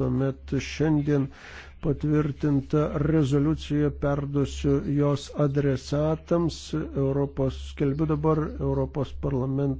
tuomet šiandien patvirtinta rezoliucija perduosiu jos adresatams. Europos, skelbiu dabar Europos parlamento.